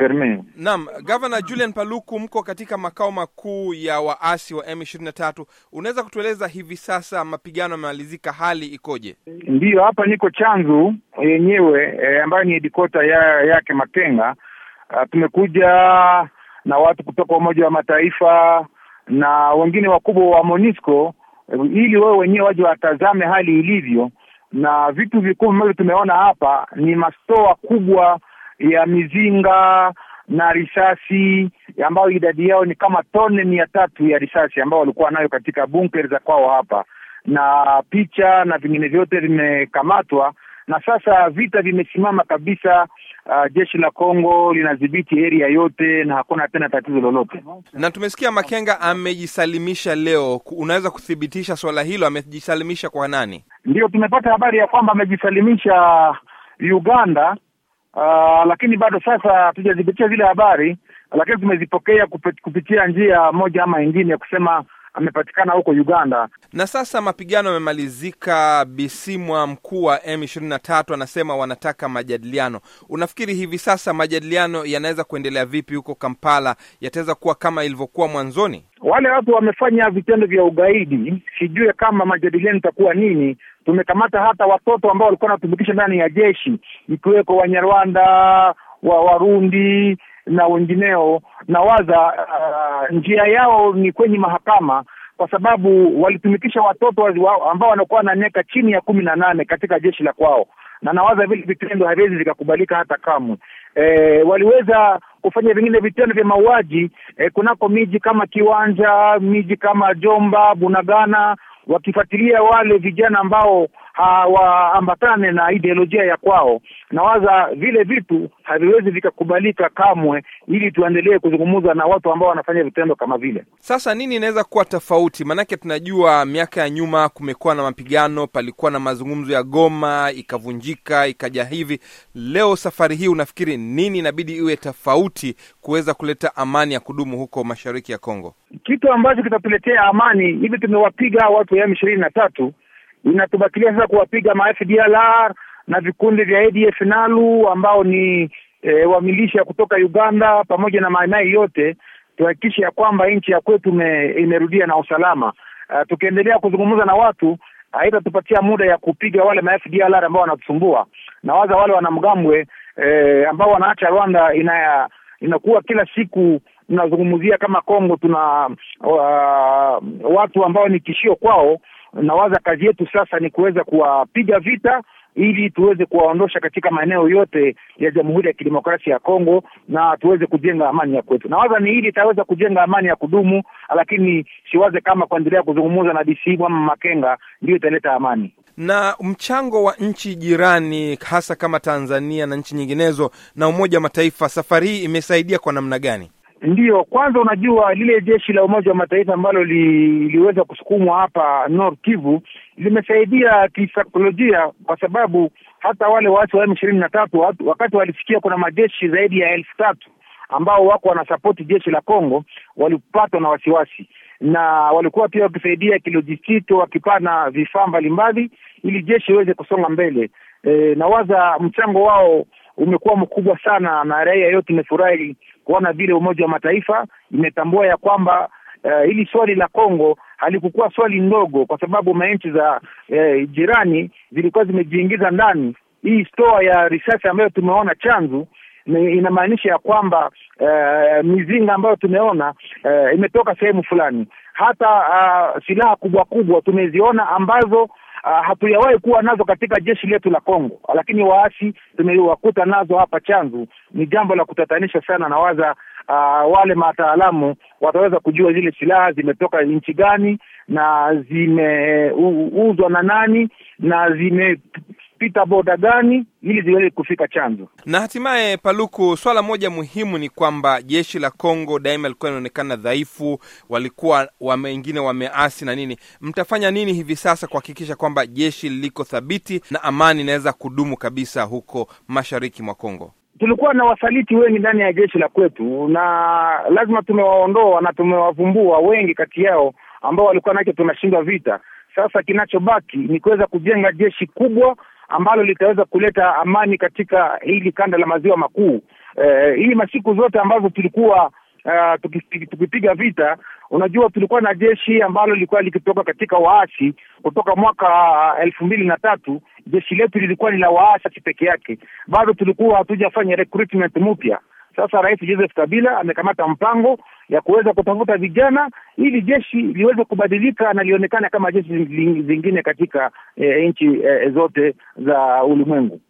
nam Naam, Gavana Julian Paluku, mko katika makao makuu ya waasi wa M23. Unaweza kutueleza hivi sasa mapigano yamemalizika, hali ikoje? Ndiyo, hapa niko chanzu yenyewe e, ambayo ni hedikota ya yake Makenga. Tumekuja na watu kutoka Umoja wa Mataifa na wengine wakubwa wa Monisco e, ili wao wenyewe waje watazame hali ilivyo, na vitu vikubwa ambavyo tumeona hapa ni mastoa kubwa ya mizinga na risasi ambayo idadi yao ni kama tone mia tatu ya risasi ambao walikuwa nayo katika bunker za kwao hapa, na picha na vingine vyote vimekamatwa, na sasa vita vimesimama kabisa. Uh, jeshi la Kongo linadhibiti area yote na hakuna tena tatizo lolote. Na tumesikia Makenga amejisalimisha leo, unaweza kuthibitisha swala hilo? Amejisalimisha kwa nani? Ndio tumepata habari ya kwamba amejisalimisha Uganda uh, lakini bado sasa hatujathibitisha zile habari, lakini tumezipokea kupitia njia moja ama ingine ya kusema amepatikana huko Uganda. Na sasa mapigano yamemalizika. Bisimwa, mkuu wa M23, anasema wanataka majadiliano. Unafikiri hivi sasa majadiliano yanaweza kuendelea vipi huko Kampala? Yataweza kuwa kama ilivyokuwa mwanzoni? Wale watu wamefanya vitendo vya ugaidi, sijue kama majadiliano itakuwa nini. Tumekamata hata watoto ambao walikuwa wanatumikisha ndani ya jeshi, ikiweko Wanyarwanda wa Warundi na wengineo. na waza njia yao ni kwenye mahakama kwa sababu walitumikisha watoto wa, ambao wanakuwa na miaka chini ya kumi na nane katika jeshi la kwao, na nawaza vile vitendo haviwezi vikakubalika hata kamwe. E, waliweza kufanya vingine vitendo vya mauaji e, kunako miji kama Kiwanja, miji kama Jomba, Bunagana, wakifuatilia wale vijana ambao hawaambatane na ideolojia ya kwao. Nawaza vile vitu haviwezi vikakubalika kamwe, ili tuendelee kuzungumza na watu ambao wanafanya vitendo kama vile. Sasa nini inaweza kuwa tofauti? Maanake tunajua miaka ya nyuma kumekuwa na mapigano, palikuwa na mazungumzo ya Goma ikavunjika, ikaja hivi leo. Safari hii unafikiri nini inabidi iwe tofauti kuweza kuleta amani ya kudumu huko mashariki ya Kongo? Kitu ambacho kitatuletea amani, hivi tumewapiga watu wa M ishirini na tatu Inatubakilia sasa kuwapiga ma FDLR na vikundi vya ADF NALU ambao ni e, wamilisha kutoka Uganda pamoja na maeneo yote, tuhakikishe ya kwamba nchi ya kwetu imerudia na usalama. Uh, tukiendelea kuzungumza na watu haitatupatia muda ya kupiga wale ma FDLR ambao wanatusumbua na waza wale wanamgambwe e, ambao wanaacha Rwanda inaya, inakuwa kila siku tunazungumzia kama Kongo tuna uh, watu ambao ni kishio kwao nawaza kazi yetu sasa ni kuweza kuwapiga vita ili tuweze kuwaondosha katika maeneo yote ya Jamhuri ya Kidemokrasia ya Kongo na tuweze kujenga amani ya kwetu. Nawaza ni hili itaweza kujenga amani ya kudumu, lakini siwaze kama kuendelea kuzungumza na DCM ama Makenga ndio italeta amani. Na mchango wa nchi jirani, hasa kama Tanzania na nchi nyinginezo na Umoja wa Mataifa, safari hii imesaidia kwa namna gani? Ndiyo, kwanza unajua lile jeshi la Umoja wa Mataifa ambalo li, liweza kusukumwa hapa North Kivu limesaidia kisaikolojia, kwa sababu hata wale waasi wa m tatu wakati walisikia kuna majeshi zaidi ya elfu tatu ambao wako wanasapoti jeshi la Kongo walipatwa na wasiwasi, na walikuwa pia wakisaidia kilojistiki, wakipana vifaa mbalimbali ili jeshi iweze kusonga mbele. E, eh, na waza mchango wao umekuwa mkubwa sana, na raia yote imefurahi kuona vile Umoja wa Mataifa imetambua ya kwamba uh, hili swali la Kongo halikukuwa swali ndogo, kwa sababu manchi za uh, jirani zilikuwa zimejiingiza ndani. Hii stoa ya risasi ambayo tumeona chanzu inamaanisha ya kwamba uh, mizinga ambayo tumeona uh, imetoka sehemu fulani. Hata uh, silaha kubwa kubwa tumeziona ambazo Ah, hatujawahi kuwa nazo katika jeshi letu la Kongo, lakini waasi tumewakuta nazo hapa Chanzu. Ni jambo la kutatanisha sana, na waza ah, wale mataalamu wataweza kujua zile silaha zimetoka nchi gani na zimeuzwa na nani na zime kupita boda gani ili ziweze kufika chanzo. Na hatimaye, Paluku, swala moja muhimu ni kwamba jeshi la Kongo daima ilikuwa inaonekana dhaifu, walikuwa wengine wameasi na nini. Mtafanya nini hivi sasa kuhakikisha kwamba jeshi liko thabiti na amani inaweza kudumu kabisa huko mashariki mwa Kongo? Tulikuwa na wasaliti wengi ndani ya jeshi la kwetu, na lazima tumewaondoa na tumewavumbua wengi kati yao ambao walikuwa nacho, tunashindwa vita. Sasa kinachobaki ni kuweza kujenga jeshi kubwa ambalo litaweza kuleta amani katika hili kanda la maziwa makuu. Eh, hii masiku zote ambazo tulikuwa Uh, tukipiga vita, unajua tulikuwa na jeshi ambalo lilikuwa likitoka katika waasi kutoka mwaka eh, elfu mbili na tatu. Jeshi letu lilikuwa ni la waasi peke yake, bado tulikuwa hatujafanya recruitment mpya. Sasa Rais Joseph Kabila amekamata mpango ya kuweza kutafuta vijana ili jeshi liweze kubadilika na lionekane kama jeshi zingine katika eh, nchi eh, zote za ulimwengu.